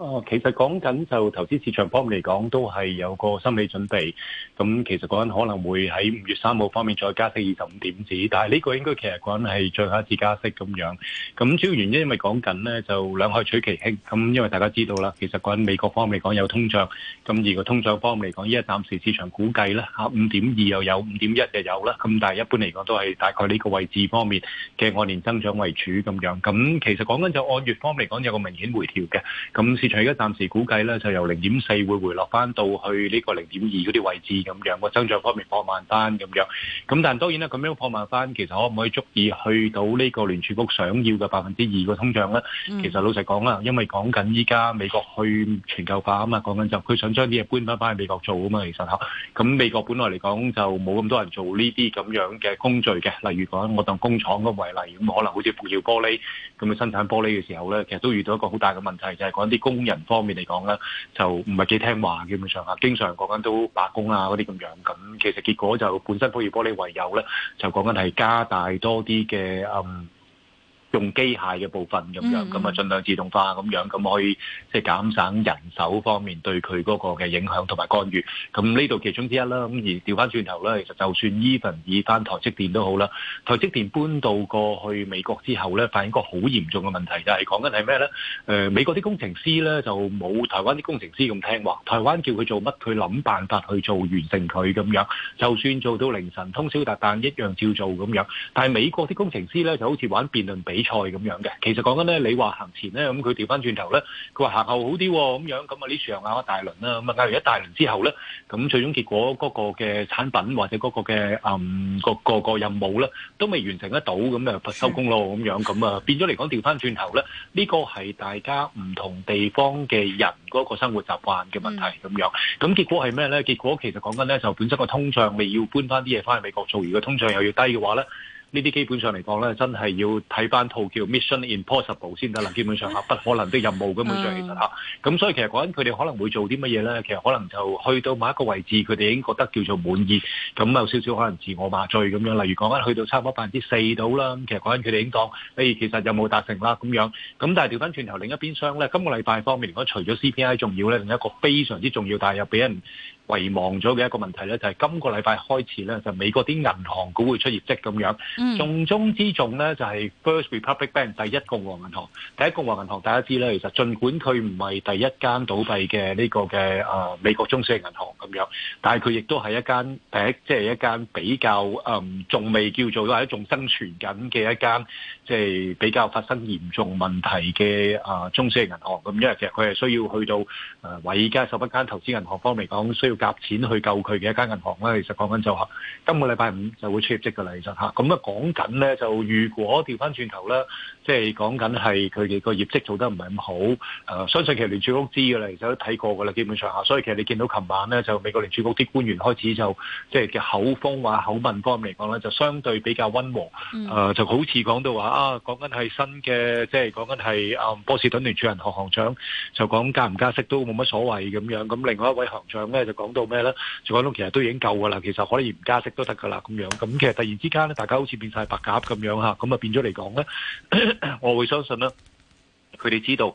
哦，其實講緊就投資市場方面嚟講，都係有個心理準備。咁其實講緊可能會喺五月三號方面再加息二十五點子，但係呢個應該其實講緊係最後一次加息咁樣。咁主要原因因為講緊呢就兩害取其輕，咁因為大家知道啦，其實講緊美國方面嚟講有通脹，咁而個通脹方面嚟講，依家暫時市場估計啦吓五點二又有，五點一就有啦。咁但係一般嚟講都係大概呢個位置方面嘅按年增長為主咁樣。咁其實講緊就按月方面嚟講有個明顯回調嘅，咁先。佢而家暫時估計咧，就由零點四會回落翻到去呢個零點二嗰啲位置咁樣。個增長方面破萬單咁樣。咁但係當然啦，咁樣破萬單其實可唔可以足以去到呢個聯儲局想要嘅百分之二個通脹咧？其實老實講啦，因為講緊依家美國去全球化啊嘛，講緊就佢想將啲嘢搬翻翻去美國做啊嘛。其實吓，咁美國本來嚟講就冇咁多人做呢啲咁樣嘅工序嘅，例如講我當工廠咁為例，咁可能好似覆矽玻璃咁嘅生產玻璃嘅時候咧，其實都遇到一個好大嘅問題，就係講啲工。工人方面嚟講咧，就唔係幾聽話，基本上嚇經常講緊都罷工啊嗰啲咁樣。咁其實結果就本身富士玻璃唯有咧，就講緊係加大多啲嘅。誒。嗯用機械嘅部分咁樣，咁啊盡量自動化咁樣，咁可以即係減省人手方面對佢嗰個嘅影響同埋干預。咁呢度其中之一啦。咁而調翻轉頭咧，其實就算 Even 以翻台積電都好啦，台積電搬到過去美國之後咧，發現個好嚴重嘅問題就係講緊係咩咧？誒美國啲工程師咧就冇台灣啲工程師咁聽話。台灣叫佢做乜，佢諗辦法去做完成佢咁樣，就算做到凌晨通宵達旦一樣照做咁樣。但係美國啲工程師咧就好似玩辯論比比賽咁樣嘅，其實講緊咧，你話行前咧，咁佢調翻轉頭咧，佢話行後好啲咁樣，咁啊呢處又壓一大輪啦，咁啊壓完一大輪之後咧，咁最終結果嗰個嘅產品或者嗰個嘅嗯、個、個、個任務咧，都未完成得到，咁啊收工咯，咁樣咁啊變咗嚟講調翻轉頭咧，呢個係大家唔同地方嘅人嗰個生活習慣嘅問題咁樣，咁結果係咩咧？結果其實講緊咧就本身個通脹未要搬翻啲嘢，翻去美國做，如果通脹又要低嘅話咧。呢啲基本上嚟講咧，真係要睇翻套叫 Mission Impossible 先得啦。基本上嚇不可能的任務，根本上其實嚇。咁所以其實嗰陣佢哋可能會做啲乜嘢咧，其實可能就去到某一個位置，佢哋已經覺得叫做滿意，咁有少少可能自我麻醉咁樣。例如講緊去到差唔多百分之四到啦，咁其實嗰陣佢哋已經講，誒、哎、其實有冇達成啦咁樣。咁但係調翻轉頭，另一邊廂咧，今個禮拜方面，如果除咗 CPI 重要咧，另一個非常之重要，但係又畀人。遺忘咗嘅一個問題咧，就係、是、今個禮拜開始咧，就是、美國啲銀行股會出業績咁樣。重中之重咧，就係、是、First Republic Bank 第一共和銀行。第一共和銀行大家知咧，其實儘管佢唔係第一間倒閉嘅呢個嘅啊美國中小型銀行咁樣，但係佢亦都係一間即係一間比較嗯仲未叫做係一種生存緊嘅一間，即、就、係、是、比較發生嚴重問題嘅啊中小型銀行咁。因為其實佢係需要去到誒委、呃、加十一間投資銀行方面講需要。 夾錢去救佢嘅一間銀行啦，其實講緊就嚇，今個禮拜五就會出業績噶啦，其實嚇，咁啊講緊咧就如果調翻轉頭咧，即係講緊係佢哋個業績做得唔係咁好，誒、呃，相信其實聯儲局知噶啦，其實都睇過噶啦，基本上嚇，所以其實你見到琴晚咧就美國聯儲局啲官員開始就即係嘅口風話口吻方面嚟講咧，就相對比較溫和，誒、呃、就好似講到話啊，講緊係新嘅，即係講緊係啊波士頓聯儲銀行行長就講加唔加息都冇乜所謂咁樣，咁另外一位行長咧就講。到咩咧？就講到其實都已經夠噶啦，其實可以唔加息都得噶啦，咁樣咁其實突然之間咧，大家好似變晒白鴿咁樣嚇，咁啊變咗嚟講咧， 我會相信咧，佢哋知道。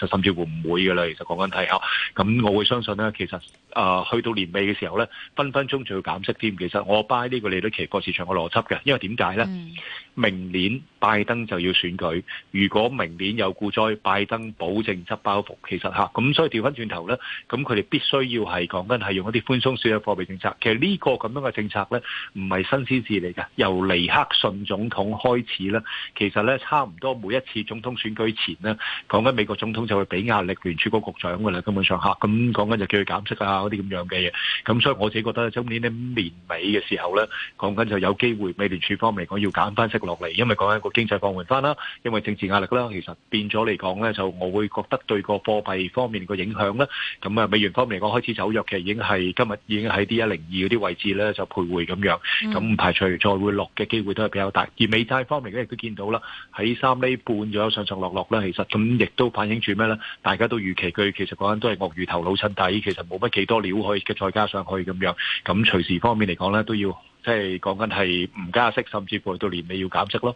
甚至乎唔會㗎啦，其實講緊睇下，咁我會相信咧，其實誒、呃、去到年尾嘅時候咧，分分鐘仲要減息添。其實我 buy 呢個利率期貨市場嘅邏輯嘅，因為點解咧？嗯明年拜登就要選舉，如果明年有股災，拜登保證執包袱。其實吓，咁，所以調翻轉頭咧，咁佢哋必須要係講緊係用一啲寬鬆少嘅貨幣政策。其實呢個咁樣嘅政策咧，唔係新鮮事嚟嘅。由尼克遜總統開始呢，其實咧，差唔多每一次總統選舉前咧，講緊美國總統就會俾壓力聯儲局局長㗎啦。根本上吓，咁講緊就叫佢減息啊，嗰啲咁樣嘅嘢。咁所以我自己覺得今年咧，年尾嘅時候咧，講緊就有機會美聯儲方面嚟講要減翻息。落嚟，因為講緊一個經濟放緩翻啦，因為政治壓力啦，其實變咗嚟講咧，就我會覺得對個貨幣方面個影響啦。咁啊美元方面嚟講開始走弱嘅，其實已經係今日已經喺 d 一零二嗰啲位置咧就徘徊咁樣，咁唔排除再會落嘅機會都係比較大，嗯。而美債方面咧，佢見到啦喺三厘半咗上上落落啦，其實咁亦都反映住咩咧？大家都預期佢其實講緊都係鱷魚頭老襯底，其實冇乜幾多料可以嘅，再加上可以咁樣，咁隨時方面嚟講咧都要。即係講緊係唔加息，甚至乎去到年尾要減息咯。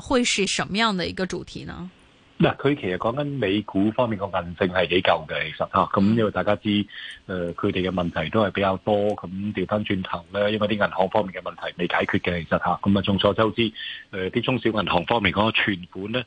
會是什麼樣的一個主題呢？嗱，佢其實講緊美股方面個韌性係幾舊嘅，其實吓，咁、啊、因為大家知，誒、呃，佢哋嘅問題都係比較多，咁調翻轉頭咧，因為啲銀行方面嘅問題未解決嘅，其實吓，咁啊眾所周知，誒、呃，啲中小銀行方面嗰個存款咧。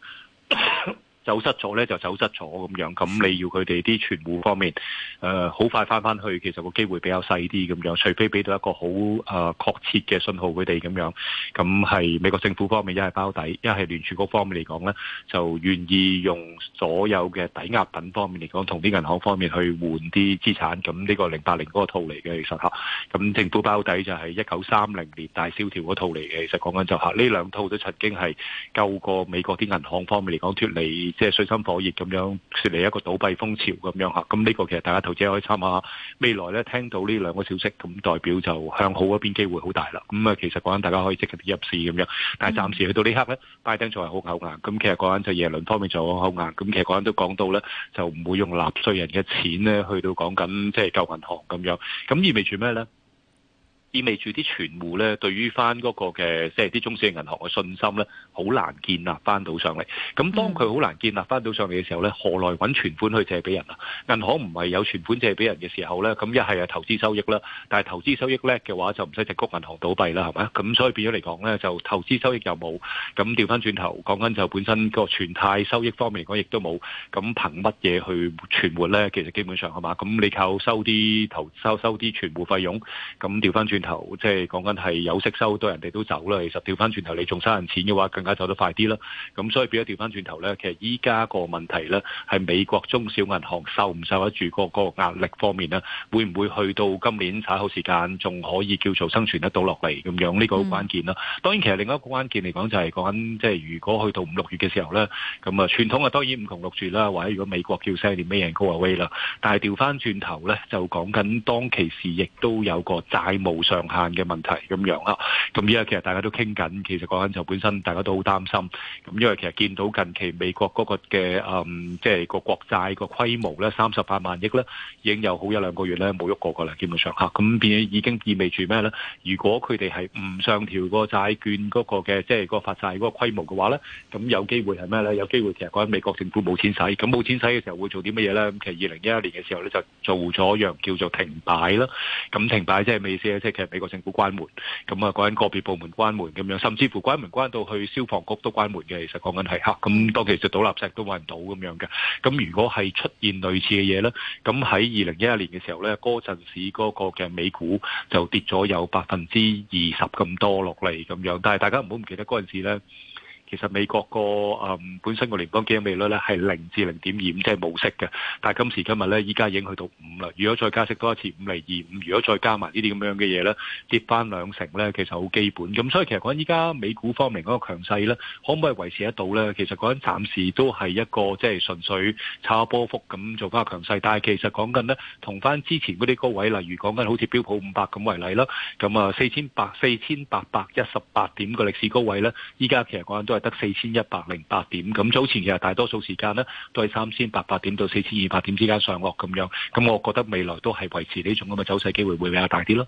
走失咗呢，就走失咗咁樣，咁你要佢哋啲存戶方面，誒、呃、好快翻翻去，其實個機會比較細啲咁樣，除非俾到一個好誒、呃、確切嘅信號佢哋咁樣，咁係美國政府方面一係包底，一係聯儲局方面嚟講呢就願意用所有嘅抵押品方面嚟講，同啲銀行方面去換啲資產，咁呢個零八零嗰個套嚟嘅其實吓，咁、啊、政府包底就係一九三零年大蕭條嗰套嚟嘅，其實講緊就吓呢兩套都曾經係救過美國啲銀行方面嚟講脫離。即係水深火熱咁樣，説嚟一個倒閉風潮咁樣嚇，咁呢個其實大家投資可以參考下。未來咧聽到呢兩個消息，咁代表就向好嗰邊機會好大啦。咁啊，其實講緊大家可以積極入市咁樣。但係暫時去到呢刻咧，拜登仲係好口硬。咁其實講緊就耶倫方面仲好口硬。咁其實講緊都講到咧，就唔會用納稅人嘅錢咧，去到講緊即係救銀行咁樣。咁意味住咩咧？意味住啲存戶咧，對於翻嗰個嘅即係啲中小型銀行嘅信心咧，好難建立翻到上嚟。咁當佢好難建立翻到上嚟嘅時候咧，何來揾存款去借俾人啊？銀行唔係有存款借俾人嘅時候咧，咁一係呀投資收益啦。但係投資收益叻嘅話，就唔使直谷銀行倒閉啦，係咪？咁所以變咗嚟講咧，就投資收益又冇。咁調翻轉頭講緊就本身個存貸收益方面講，亦都冇。咁憑乜嘢去存活咧？其實基本上係嘛？咁你靠收啲投收收啲存戶費用，咁調翻轉。轉頭即係講緊係有息收多人哋都走啦，其實調翻轉頭你仲收人錢嘅話，更加走得快啲啦。咁所以變咗調翻轉頭咧，其實依家個問題咧係美國中小銀行受唔受得住個個壓力方面咧，會唔會去到今年踩好時間，仲可以叫做生存得到落嚟咁樣？呢個好關鍵啦。當然，其實另一個關鍵嚟講就係講緊，即係如果去到五六月嘅時候咧，咁啊傳統啊當然五窮六絕啦，或者如果美國叫西點咩人高啊威啦。但係調翻轉頭咧，就講緊當其時亦都有個債務。上限嘅問題咁樣啦，咁依家其實大家都傾緊，其實講緊就本身大家都好擔心，咁因為其實見到近期美國嗰個嘅嗯即係個國債個規模咧，三十八萬億咧，已經有好一兩個月咧冇喐過㗎啦，基本上嚇，咁變已經意味住咩咧？如果佢哋係唔上調個債券嗰個嘅，即係個發債嗰個規模嘅話咧，咁有機會係咩咧？有機會其實講緊美國政府冇錢使，咁冇錢使嘅時候會做啲乜嘢咧？咁其實二零一一年嘅時候咧就做咗樣叫做停擺啦，咁停擺即係未試即。美國政府關門，咁啊嗰陣個別部門關門咁樣，甚至乎關門關到去消防局都關門嘅。其實講緊係黑，咁當其時倒垃圾都揾唔到咁樣嘅。咁如果係出現類似嘅嘢呢，咁喺二零一一年嘅時候呢，嗰陣時嗰個嘅美股就跌咗有百分之二十咁多落嚟咁樣。但係大家唔好唔記得嗰陣時呢。其實美國個誒、嗯、本身個聯邦基金利率咧係零至零點二五，即係無息嘅。但係今時今日咧，依家已經去到五啦。如果再加息多一次五厘二五，5 5，如果再加埋呢啲咁樣嘅嘢咧，跌翻兩成咧，其實好基本。咁所以其實講緊依家美股方面嗰個強勢咧，可唔可以維持得到咧？其實講緊暫時都係一個即係純粹炒波幅咁做翻個強勢。但係其實講緊咧，同翻之前嗰啲高位，例如講緊好似標普五百咁為例啦，咁啊四千八、四千八百一十八點嘅歷史高位咧，依家其實講緊都係得四千一百零八點。咁早前其實大多數時間咧都係三千八百點到四千二百點之間上落咁樣。咁我覺得未來都係維持呢種咁嘅走勢，機會會比較大啲咯。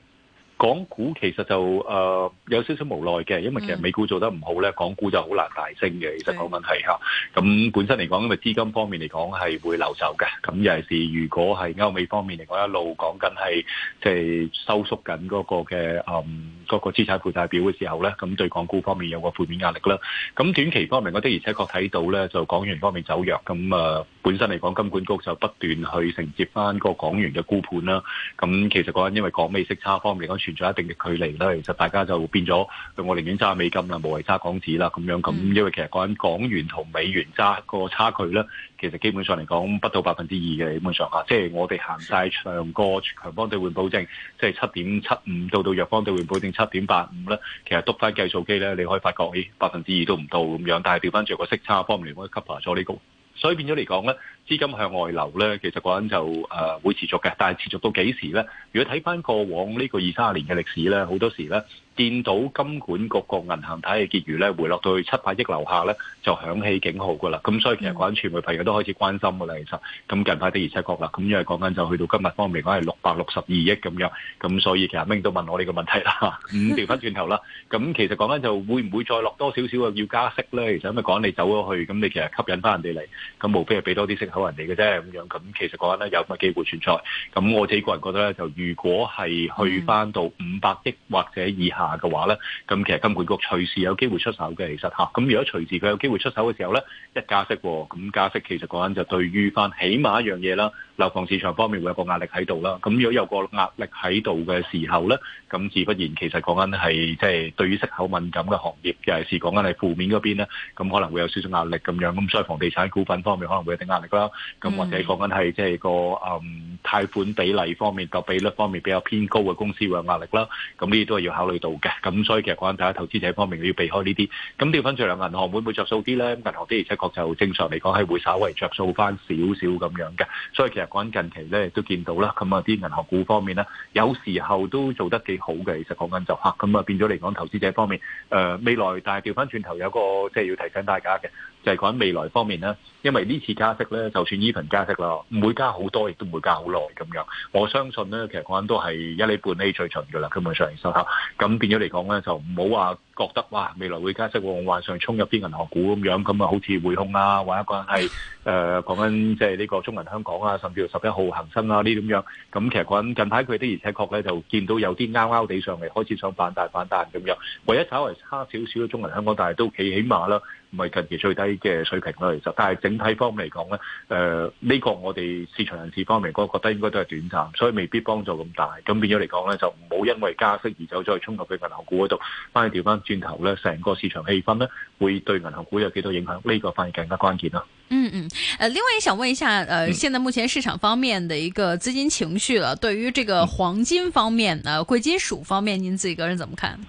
港股其實就誒、呃、有少少無奈嘅，因為其實美股做得唔好咧，港股就好難大升嘅。其實講緊係，咁本身嚟講，因為資金方面嚟講係會流走嘅。咁尤其是如果係歐美方面嚟講，一路講緊係即係收縮緊嗰個嘅誒嗰個資產負債表嘅時候咧，咁對港股方面有個負面壓力啦。咁短期方面，我的而且確睇到咧，就港元方面走弱。咁誒、呃、本身嚟講，金管局就不斷去承接翻嗰個港元嘅沽盤啦。咁其實嗰陣因為港美息差方面存在一定嘅距離啦，其實大家就變咗，我寧願揸美金啦，無謂揸港紙啦，咁樣咁，因為其實講緊港元同美元揸個差距咧，其實基本上嚟講不到百分之二嘅基本上吓，即係我哋行曬長個強方兌換保證，即係七點七五到到弱方兌換保證七點八五咧，其實篤翻計數機咧，你可以發覺咦，百分之二都唔到咁樣，但係調翻著個息差幫唔幫你 cover 咗呢個？所以變咗嚟講咧。資金向外流咧，其實講緊就誒會持續嘅，但係持續到幾時咧？如果睇翻過往呢個二三十年嘅歷史咧，好多時咧見到金管局個銀行體嘅結餘咧回落到去七百億樓下咧，就響起警號㗎啦。咁所以其實講緊傳媒朋友都開始關心㗎啦。其實咁近排的而且確啦，咁因為講緊就去到今日方面講係六百六十二億咁樣，咁所以其實明都問我呢個問題啦。咁調翻轉頭啦，咁其實講緊就會唔會再落多少少啊？要加息咧？其實咁啊講緊你走咗去，咁你其實吸引翻人哋嚟，咁無非係俾多啲息口。嗯、人哋嘅啫，咁樣咁其實講緊咧有乜機會存在？咁我自己個人覺得咧，就如果係去翻到五百億或者以下嘅話咧，咁其實金管局隨時有機會出手嘅。其實吓，咁如果隨時佢有機會出手嘅時候咧，一加息，咁加息其實講緊就對於翻起碼一樣嘢啦，樓房市場方面會有個壓力喺度啦。咁如果有個壓力喺度嘅時候咧，咁自不然其實講緊係即係對於息口敏感嘅行業，尤其係講緊係負面嗰邊咧，咁可能會有少少壓力咁樣。咁所以房地產股份方面可能會有啲壓力。咁、嗯、或者講緊係即係個嗯、呃、貸款比例方面個比率方面比較偏高嘅公司會有壓力啦，咁呢啲都係要考慮到嘅，咁所以其實講緊大家投資者方面要避開呢啲，咁調翻轉嚟銀行會唔會着數啲咧？銀行的而且確就正常嚟講係會稍為着數翻少少咁樣嘅，所以其實講緊近期咧都見到啦，咁啊啲銀行股方面咧有時候都做得幾好嘅，其實講緊就吓、是，咁啊變咗嚟講投資者方面誒、呃、未來，但係調翻轉頭有一個即係要提醒大家嘅。就係、是、講未來方面咧，因為呢次加息咧，就算依份加息啦，唔會加好多，亦都唔會加好耐咁樣。我相信咧，其實講緊都係一釐半釐最盡噶啦，基本上嚟收下。咁變咗嚟講咧，就唔好話覺得哇，未來會加息喎，往上衝入啲銀行股咁樣，咁啊好似匯控啊，或者講緊係誒講緊即係呢個中銀香港啊，甚至乎十一號恒生啊呢咁樣。咁其實講緊近排佢的而且確咧，就見到有啲拗拗地上嚟，開始想反彈反彈咁樣。唯一稍微差少少嘅中銀香港，但係都企起碼啦。唔係近期最低嘅水平啦，其實，但係整體方面嚟講咧，誒、呃、呢、這個我哋市場人士方面，我覺得應該都係短暫，所以未必幫助咁大。咁變咗嚟講咧，就唔好因為加息而走咗去衝入去銀行股嗰度，反而調翻轉頭咧，成個市場氣氛咧，會對銀行股有幾多影響？呢、這個反而更加關鍵啦。嗯嗯，誒，另外也想問一下，誒、呃嗯，現在目前市場方面的一個資金情緒啦，對於這個黃金方面啊，貴、嗯、金屬方面，您自己個人怎麼看？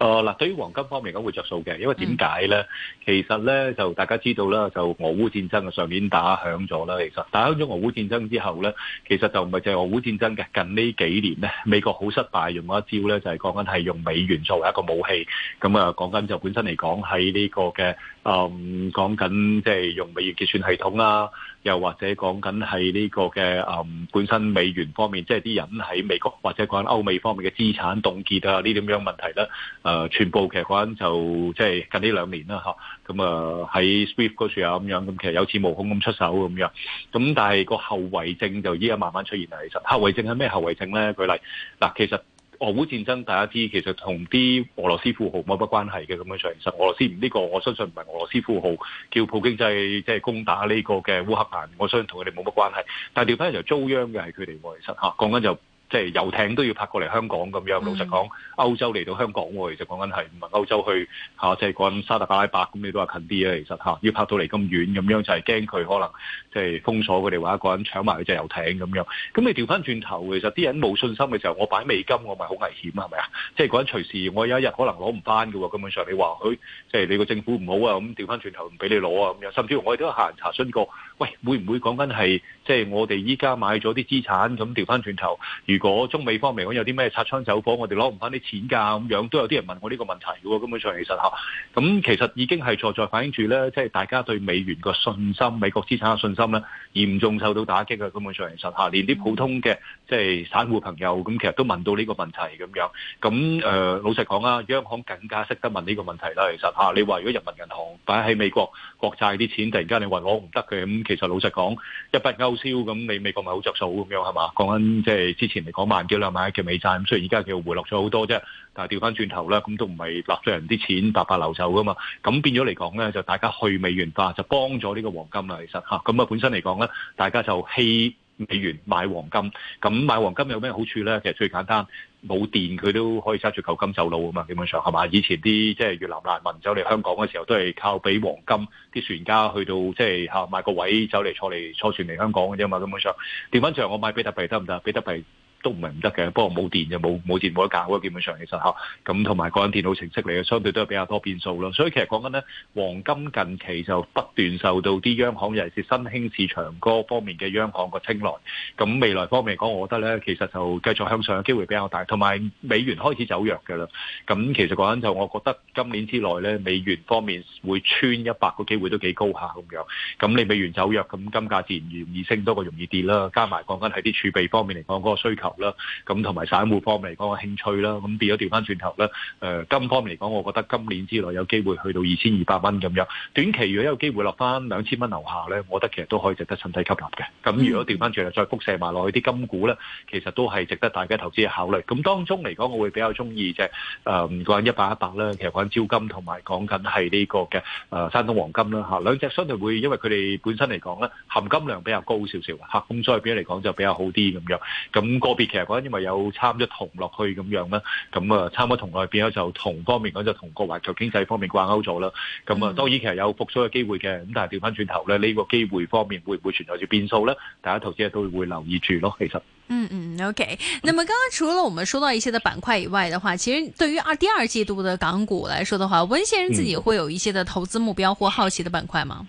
哦，嗱，對於黃金方面講會著數嘅，因為點解咧？其實咧就大家知道啦，就俄烏戰爭嘅上年打響咗啦。其實打響咗俄烏戰爭之後咧，其實就唔係淨係俄烏戰爭嘅。近呢幾年咧，美國好失敗用一招咧，就係講緊係用美元作為一個武器。咁啊，講緊就本身嚟講喺呢個嘅，嗯，講緊即係用美元結算系統啦。又或者講緊係呢個嘅誒本身美元方面，即係啲人喺美國或者講緊歐美方面嘅資產凍結啊，呢啲咁樣問題啦，誒、呃，全部其實講緊就即係、就是、近呢兩年啦，咁啊喺 Swift 嗰處啊咁樣，咁其實有恃無恐咁出手咁樣，咁但係個後遺症就依家慢慢出現啦。其實後遺症係咩後遺症咧？舉例嗱，其實。俄烏戰爭大家知，其實同啲俄羅斯富豪冇乜關係嘅咁樣。上其實俄羅斯呢個，我相信唔係俄羅斯富豪叫普京，制即係攻打呢個嘅烏克蘭。我相信同佢哋冇乜關係。但係調翻嚟就遭殃嘅係佢哋。其實嚇講緊就。啊啊即係遊艇都要拍過嚟香港咁樣，老實講，mm. 歐洲嚟到香港喎，其實講緊係唔係歐洲去嚇，即係講沙特阿拉伯咁，你都話近啲啊，其實嚇要拍到嚟咁遠咁樣，就係驚佢可能即係封鎖佢哋話一個人搶埋佢隻遊艇咁樣。咁你調翻轉頭，其實啲人冇信心嘅時候，我擺美金，我咪好危險啊，係咪啊？即係嗰陣隨時，我有一日可能攞唔翻嘅喎。根本上你話佢即係你個政府唔好啊，咁調翻轉頭唔俾你攞啊咁樣，甚至乎我哋都有客人查詢過。喂，會唔會講緊係即係我哋依家買咗啲資產咁調翻轉頭？如果中美方面講有啲咩擦槍走火，我哋攞唔翻啲錢㗎咁樣，都有啲人問我呢個問題嘅喎。根本上其實嚇，咁其實已經係在在反映住咧，即係大家對美元個信心、美國資產嘅信心咧，嚴重受到打擊嘅。根本上其實嚇，連啲普通嘅即係散戶朋友咁，其實都問到呢個問題咁樣。咁、呃、誒，老實講啊，央行更加識得問呢個問題啦。其實嚇，你話如果人民銀行擺喺美國國債啲錢，突然間你話攞唔得嘅咁。其實老實講，一筆勾銷咁，你美國咪好着數咁樣係嘛？講緊即係之前咪講萬幾兩萬嘅美債，咁雖然而家叫回落咗好多啫。但係調翻轉頭咧，咁都唔係納稅人啲錢白白流走噶嘛。咁變咗嚟講咧，就大家去美元化，就幫咗呢個黃金啦。其實咁啊，本身嚟講咧，大家就希美元買黃金。咁買黃金有咩好處咧？其實最簡單。冇電佢都可以揸住舊金走路啊嘛，基本上係嘛？以前啲即係越南難民走嚟香港嘅時候，都係靠俾黃金，啲船家去到即係嚇買個位走嚟坐嚟坐船嚟香港嘅啫嘛，基本上調翻場，我買比特幣得唔得？比特幣？都唔係唔得嘅，不過冇電就冇冇電冇得搞咯。基本上其實嚇，咁同埋講緊電腦程式嚟嘅，相對都係比較多變數咯。所以其實講緊呢，黃金近期就不斷受到啲央行尤其是新興市場嗰方面嘅央行嘅青睞。咁未來方面嚟講，我覺得呢，其實就繼續向上嘅機會比較大。同埋美元開始走弱㗎啦。咁其實講緊就，我覺得今年之內呢，美元方面會穿一百個機會都幾高下咁樣。咁你美元走弱，咁金價自然容易升多過容易跌啦。加埋講緊喺啲儲備方面嚟講嗰個需求。啦，咁同埋散戶方面嚟講嘅興趣啦，咁變咗調翻轉頭咧，誒金方面嚟講，我覺得今年之內有機會去到二千二百蚊咁樣。短期如果有機會落翻兩千蚊樓下咧，我覺得其實都可以值得趁低吸入嘅。咁如果調翻轉頭再輻射埋落去啲金股咧，其實都係值得大家投資考慮。咁當中嚟講，我會比較中意隻誒講一八一八咧，其實講緊招金同埋講緊係呢個嘅誒山東黃金啦嚇。兩隻相對會因為佢哋本身嚟講咧，含金量比較高少少嚇，咁所以變嚟講就比較好啲咁樣。咁個。其實嗰陣因為有摻咗銅落去咁樣啦，咁啊摻咗銅落去，變咗就銅方面就同個環球經濟方面掛鈎咗啦。咁啊，當然其實有復甦嘅機會嘅，咁但係調翻轉頭咧，呢、這個機會方面會唔會存在住變數咧？大家投資者都會留意住咯。其實，嗯嗯，OK。咁麼剛剛除了我們說到一些的板塊以外的話，其實對於二第二季度的港股來說的話，溫先生自己會有一些的投資目標或好奇的板塊嗎？嗯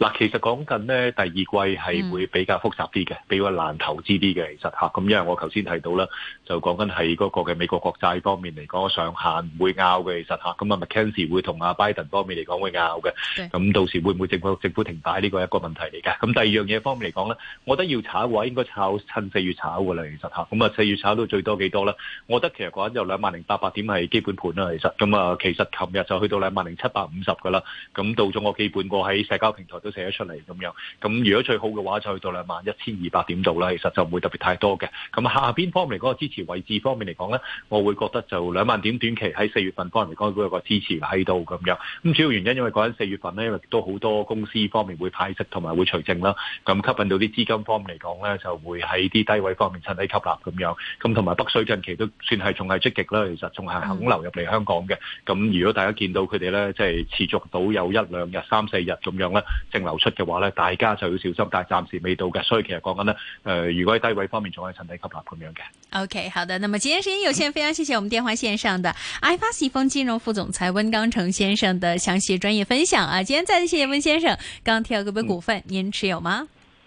嗱，其實講緊咧，第二季係會比較複雜啲嘅、嗯，比較難投資啲嘅。其實嚇，咁因為我頭先提到啦，就講緊喺嗰個嘅美國國債方面嚟講，上限唔會拗嘅。其實嚇，咁啊，McKenzie 會同啊拜登方面嚟講會拗嘅。咁到時會唔會政府政府停擺呢個係一個問題嚟嘅。咁第二樣嘢方面嚟講咧，我覺得要炒嘅話，應該炒趁四月炒㗎啦。其實嚇，咁啊，四月炒到最多幾多咧？我覺得其實講緊就兩萬零八百點係基本盤啦。其實咁啊，其實琴日就去到兩萬零七百五十㗎啦。咁到咗我基本我喺社交平台都。寫咗出嚟咁樣，咁如果最好嘅話就去到兩萬一千二百點度啦。其實就唔會特別太多嘅。咁下邊方面嗰個支持位置方面嚟講咧，我會覺得就兩萬點短期喺四月份方面嚟講會有個支持喺度咁樣。咁主要原因因為講緊四月份咧，因為都好多公司方面會派息同埋會除淨啦，咁吸引到啲資金方面嚟講咧就會喺啲低位方面趁低吸納咁樣。咁同埋北水近期都算係仲係積極啦，其實仲係肯流入嚟香港嘅。咁如果大家見到佢哋咧，即係持續到有一兩日、三四日咁樣咧，即係。流出嘅話咧，大家就要小心，但係暫時未到嘅，所以其實講緊呢，誒、呃，如果喺低位方面仲可以趁低吸納咁樣嘅。OK，好的，那麼今天時間有限，非常謝謝我們電話線上的 iFAST 奕豐金融副總裁温鋼城先生的詳細專業分享啊！今天再次謝謝温先生。剛剛提到嗰個股份，您、嗯、持有嗎？